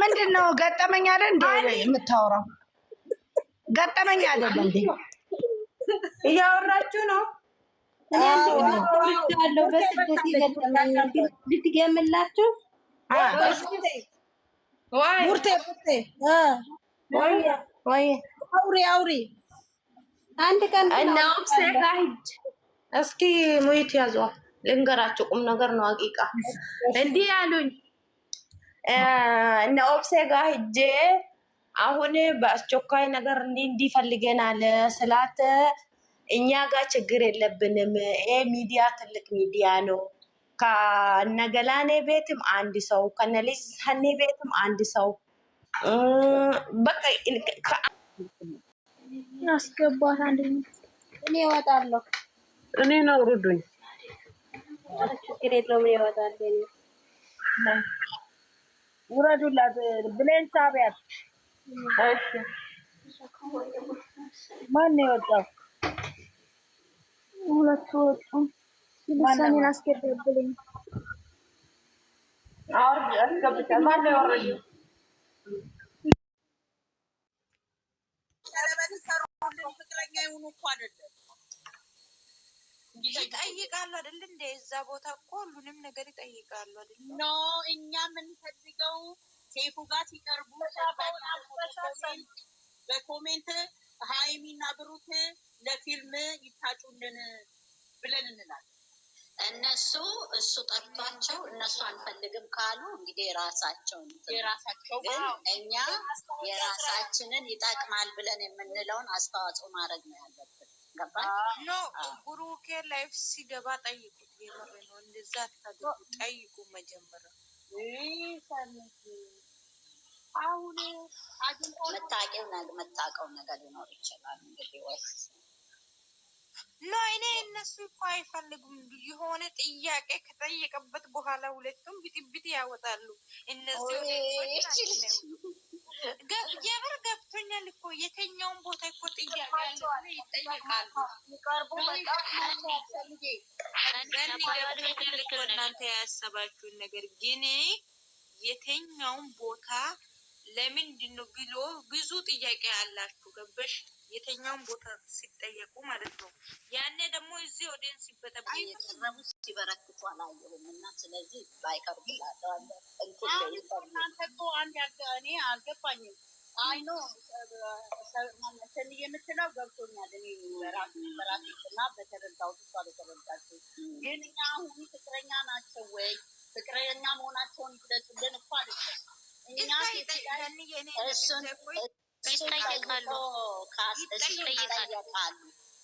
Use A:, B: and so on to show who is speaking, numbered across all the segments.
A: ምንድን ነው ገጠመኝ አለ እንደ የምታወራው ገጠመኝ አይደለም
B: እያወራችሁ ነው።
C: ያለው በስደት ልትገምላችሁ
A: ቡርቴ ቡርቴ
C: ወይ አውሪ አውሪ አንድ ቀን
A: እስኪ ሙይት ያዟል ልንገራቸው ቁም ነገር ነው። አቂቃ እንዲህ ያሉኝ እነ ኦብሴ ጋር ሂጄ አሁን በአስቸኳይ ነገር እንዲ እንዲህ ፈልገናል ስላት እኛ ጋር ችግር የለብንም፣ ይሄ ሚዲያ ትልቅ ሚዲያ ነው። ከነገላኔ ቤትም አንድ ሰው ከነልጅ ሀኔ ቤትም አንድ ሰው በቃ
C: አስገባት። አንድ እኔ እወጣለሁ።
A: እኔ ነው ሩዱኝ
C: ችግር የለውም ይወጣል።
A: ውረዱላት ብለን ሳቢያት። ማን ነው የወጣው?
C: ሁለቱ ወጡ። ልሳኔን አስገባብልኝ።
A: አውርድ አስገብቻለሁ።
B: ፍቅረኛ የሆኑ እኮ አይደለም ይጠይቃሉ አይደል? እንደ እዛ ቦታ እኮ ሁሉንም ነገር ይጠይቃሉ አይደል?
A: ኖ እኛ የምንፈልገው ሴፉ ጋር ሲቀርቡ በኮሜንት ሀይሚና ብሩክ ለፊልም ይታጩልን ብለን እንላለን። እነሱ እሱ ጠርቷቸው እነሱ አንፈልግም ካሉ እንግዲህ የራሳቸውን
B: የራሳቸው ግን
A: እኛ የራሳችንን ይጠቅማል ብለን የምንለውን አስተዋጽኦ ማድረግ ነው ያለብን። ኖ
B: ብሩኬ ላይፍ ሲገባ ጠይቁት። የምር ነው። እንደዛ አታድርጉ። ጠይቁ መጀመሪያ
A: መታቀው ነገር ሊኖር ይችላል። እንግዲህ
B: ኖ እኔ እነሱ እኮ አይፈልጉም። የሆነ ጥያቄ ከጠየቀበት በኋላ ሁለቱም ብጥብጥ ያወጣሉ እነዚህ የምር ገብቶኛል እኮ የተኛውን ቦታ እኮ ጥያቄ ይጠይቃሉ። እናንተ ያሰባችሁን ነገር ግን የተኛውን ቦታ ለምንድን ነው ብሎ ብዙ ጥያቄ አላችሁ። ገበሽ የተኛውን ቦታ ሲጠየቁ ማለት ነው። ያኔ ደግሞ እዚህ ወደን ሲበጠብ
A: እየቀረቡ ሲበረክቱ አላየሁም እና ስለዚህ ባይቀርቡ
B: እናንተ እኮ አንድ ያጋ እኔ አልገባኝም።
A: አይኖ ሰኒ የምትለው ገብቶኛል። እኔ በራሴ በራሴ እና በተረዳሁት እሷ በተረዳችሁ ግን እኛ አሁን ፍቅረኛ ናቸው ወይ ፍቅረኛ መሆናቸውን ይግለጹልን እኮ አይደለም ይጠይቃሉ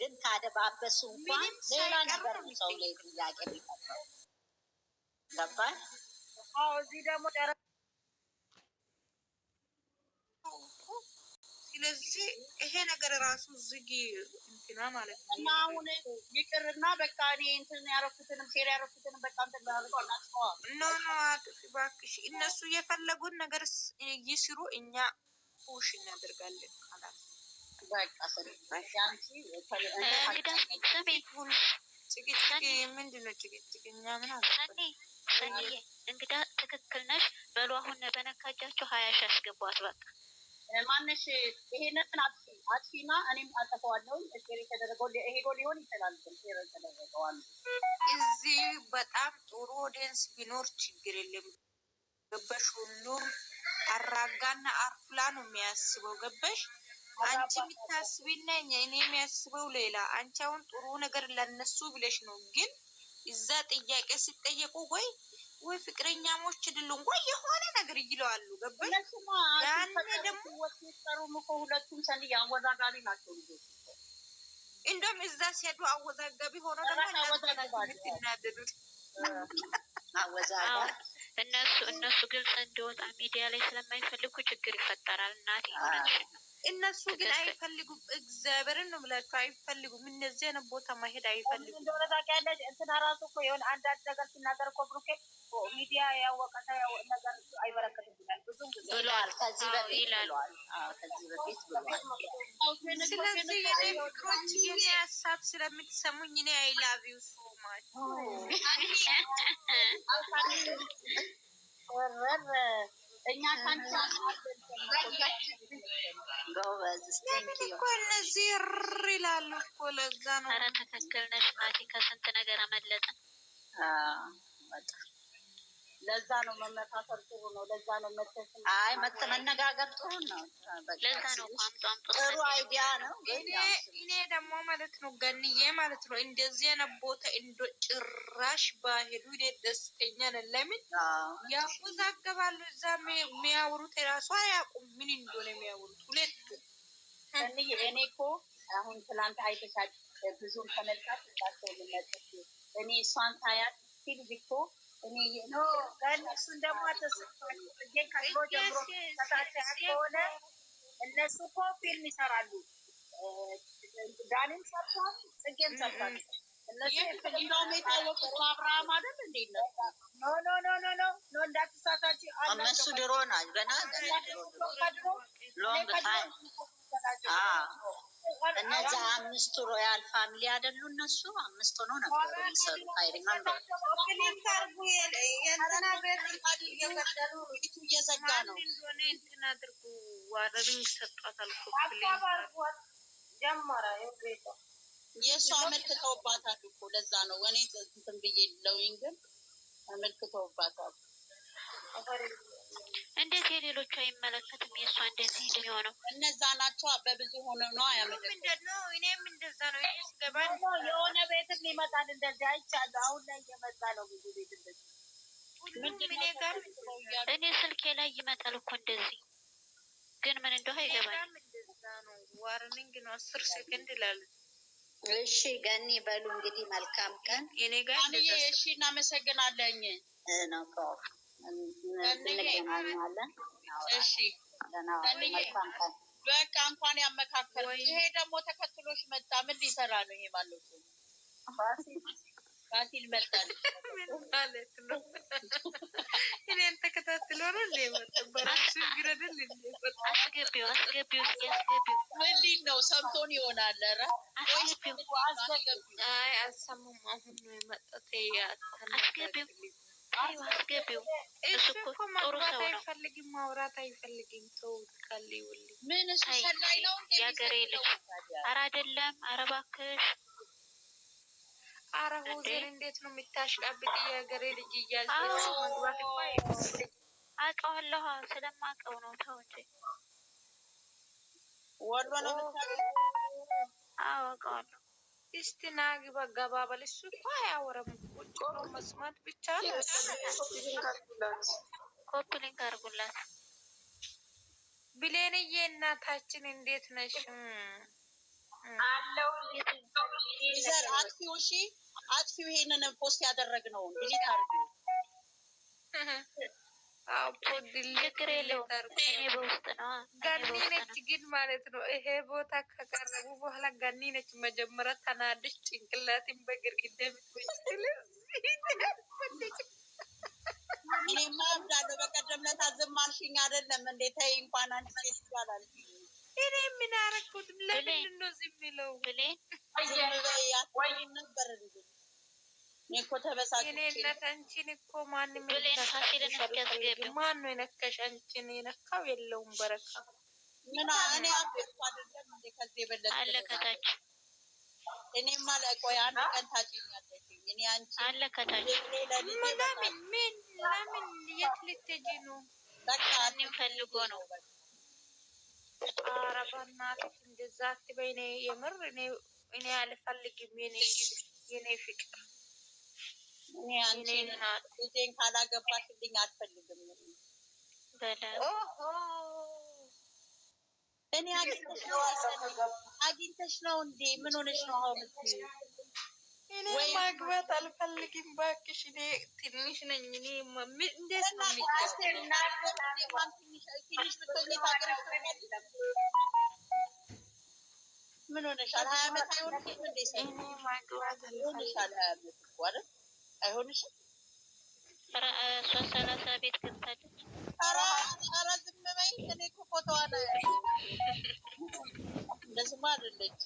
A: ግን ካደባበሱ እንኳን ሌላ ነገር ሰው ላይ ጥያቄ ቢፈጥረው ገባል።
B: እዚህ ደግሞ ስለዚህ ይሄ ነገር ራሱ ዝግ እንትና ማለት
A: ነው። እና አሁን ይቅርና በቃ እኔ እንትን ያረኩትንም ሴር ያረኩትንም በቃ እንትን አናጥፈዋል።
B: ኖ ኖ አጥፊ እባክሽ። እነሱ የፈለጉን ነገር ይስሩ፣ እኛ ፑሽ እናደርጋለን። ምንድን ነው ጭቅጭቅ? እኛ
C: ምን እንግዳ ትክክል ነሽ በሉ። አሁን በነካጃቸው ሀያ ሺህ አስገቧት በቃ
A: ማነሽ ይሄንን አጥፊ አጥፊና እኔም አጠፈዋለሁ። እስር የተደረገው ሄዶ ሊሆን ይችላል። እስር የተደረገዋል።
B: እዚህ በጣም ጥሩ ኦዲየንስ ቢኖር ችግር የለም። ገበሽ ሁሉም አራጋና አርፍላ ነው የሚያስበው። ገበሽ አንቺ የምታስቢና እኔ የሚያስበው ሌላ። አንቺ አሁን ጥሩ ነገር ለነሱ ብለሽ ነው፣ ግን እዛ ጥያቄ ሲጠየቁ ወይ ወይ ፍቅረኛሞች ድሉን ወይ የሆነ ነገር ይለዋሉ። ገባኝ ያኔ ደግሞ ሁለቱም ሰን አወዛጋቢ ናቸው ልጆች። እንደውም እዛ ሲሄዱ አወዛጋቢ ሆኖ ደግሞ
C: እነሱ እነሱ ግልጽ እንዲወጣ ሚዲያ ላይ ስለማይፈልጉ ችግር ይፈጠራል። እናቴ ሆነች
B: እነሱ ግን አይፈልጉም። እግዚአብሔርን ነው የምላቸው፣ አይፈልጉም። እነዚህ አይነት ቦታ ማሄድ አይፈልጉም።
A: እንደሆነ ታውቂያለሽ፣ እንትና ራሱ እኮ የሆነ አንዳንድ ነገር ሲናገር እኮ ብሩኬ ሚዲያ ያወቀ ሰው ነገር አይበረከትም ይላል፣ ጊዜ
C: ብሏል፣ ከዚህ በፊት
B: ስለዚህ የኔ ፍቅሮች፣ የኔ ሀሳብ ስለምትሰሙኝ እኔ እኛ እነዚህ ር ይላሉ እኮ ለዛ ነው። ኧረ
C: ትክክል ነሽ ማቲ፣ ከስንት ነገር አመለጥን።
A: ለዛ ነው መመካከር ጥሩ ነው። ለዛ ነው መተስ አይ መጥ መነጋገር ጥሩ ነው። ለዛ ነው ጥሩ አይዲያ ነው።
B: እኔ እኔ ደግሞ ማለት ነው ገንዬ ማለት ነው እንደዚህ አይነት ቦታ እንዶ ጭራሽ ባሄዱ እኔ ደስተኛ ነን። ለምን ያወዛገባሉ? እዛ የሚያወሩት የራሱ አያውቁም ምን እንደሆነ የሚያወሩት ሁለቱ።
A: እኔ እኮ አሁን ትላንት አይተሻል። ብዙም ተመልካች እሳቸው ልመጠ እኔ እሷን ሳያት ሲል እኮ
B: እነሱን ደግሞ ከድሮ
A: እነሱ እኮ ፊልም ይሰራሉ። ዳኒም ሰርቷል፣ ጽጌም ሰርቷል። እነሱ ድሮ ናቸው። ገና ከድሮ እነዛ አምስቱ ሮያል ፋሚሊ አይደሉ? እነሱ አምስት ሆኖ ነበር የሚሰሩ
B: እየዘጋ ነው። የእሱ አመልክተውባታል እኮ ለዛ ነው እኔ እንትን ብዬ ለውኝ ግን
A: አመልክተውባታል።
C: እንዴት የሌሎቹ አይመለከትም? የእሷ እንደዚህ እንደሚሆነው
B: እነዛ ናቸው። በብዙ ሆነ ነው ምንድነው? እኔም እንደዛ ነው ስገባ
A: የሆነ ቤትም ይመጣል እንደዚህ አይቻለሁ። አሁን ላይ እየመጣ ነው ብዙ ቤት እንደዚህ
C: እኔ ስልኬ ላይ ይመጣል እኮ እንደዚህ ግን ምን እንደሆነ አይገባል።
B: ዋርኒንግ ነው
A: እሺ ገኒ በሉ እንግዲህ መልካም ቀን።
B: እኔ ጋር እሺ እናመሰግናለኝ
A: ነው እንገናኛለን።
B: በቃ እንኳን ያመካከል። ይሄ ደግሞ ተከትሎሽ መጣ። ምን ሊሰራ ነው ይሄ ማለት ነው? ፋሲል መጣል እኔን ተከታትሎ ነው ምን ነው? ሰምቶን ይሆናል። ኧረ አይ አልሰሙም። አሁን ነው የመጣሁት።
C: አስገቢው አስገቢው።
B: ነው። ማውራት የአገሬ
C: ልጅ። ኧረ አይደለም፣ ኧረ እባክሽ
B: አረ ሁዜን እንዴት ነው የምታሽቃብጥ? የሀገሬ ልጅ እያል
C: አውቀዋለሁ፣ ስለማውቀው ነው። ተው እንጂ አዎ አውቀዋለሁ።
B: እስቲ ና ግባ ገባ በል። እሱ እኮ አያወራም። ጆሮ መስማት ብቻ ነው።
C: ኮፕሊንግ አድርጉላት።
B: ብሌንዬ እናታችን እንዴት ነሽ?
A: አለው ዘር አጥፊው፣ እሺ አጥፊው፣ ይሄንን ፖስት ያደረግነው ዲሊት አድርጉ
C: ችግር
B: ገኒ ነች ግን ማለት ነው። ይሄ ቦታ ከቀረቡ በኋላ ገኒ ነች መጀመሪያ ተናድሽ ጭንቅላትን በግርግዳ ምትችል
A: እኔማ እምላለሁ። በቀደም ዕለት ዝም አይደለም እንዴ? ተይ እንኳን አንድ ሴት ይባላል።
B: እኔ ምን አረኩት? ለምንድን ነው ዝም ብለው
A: ነበር? እኮ ተበሳጭ
B: አንቺን እኮ ማንም ማን ነው የነካሽ? አንቺን የነካው የለውም። በረካ
A: ምን እኔ አቤቱ አይደለም እንዴ
C: ከዚህ የበለጠ አለከታች።
A: እኔ ማለቆ አንድ ቀን ታጭኛለሽ።
C: እኔ አንቺ አለከታች።
B: ለምን ምን ለምን የት ልትሄጂ ነው?
A: በቃ እኔ ፈልጎ ነው።
B: ኧረ በእናትሽ እንደዛ አትበይ። እኔ የምር እኔ እኔ አልፈልግም የኔ የኔ ፍቅር
A: ልጄን ካላገባሽልኝ አልፈልግም። እኔ አግኝተሽ ነው እንዴ? ምን ሆነሽ ነው?
B: እኔ ማግባት አልፈልግም ባክሽ፣ እኔ ትንሽ ነኝ። እኔ እንዴት
A: ነው ምን ሆነሻል? ሀያ አመት አይሆንሽም እንዴ? ማግባት አልፈልግም አይሆንሽም።
C: ሶስት ሰላሳ ቤት ገብታለች።
A: ኧረ ዝም በይ። እኔ እኮ ፎቶዋን እንደዚህማ አይደለች።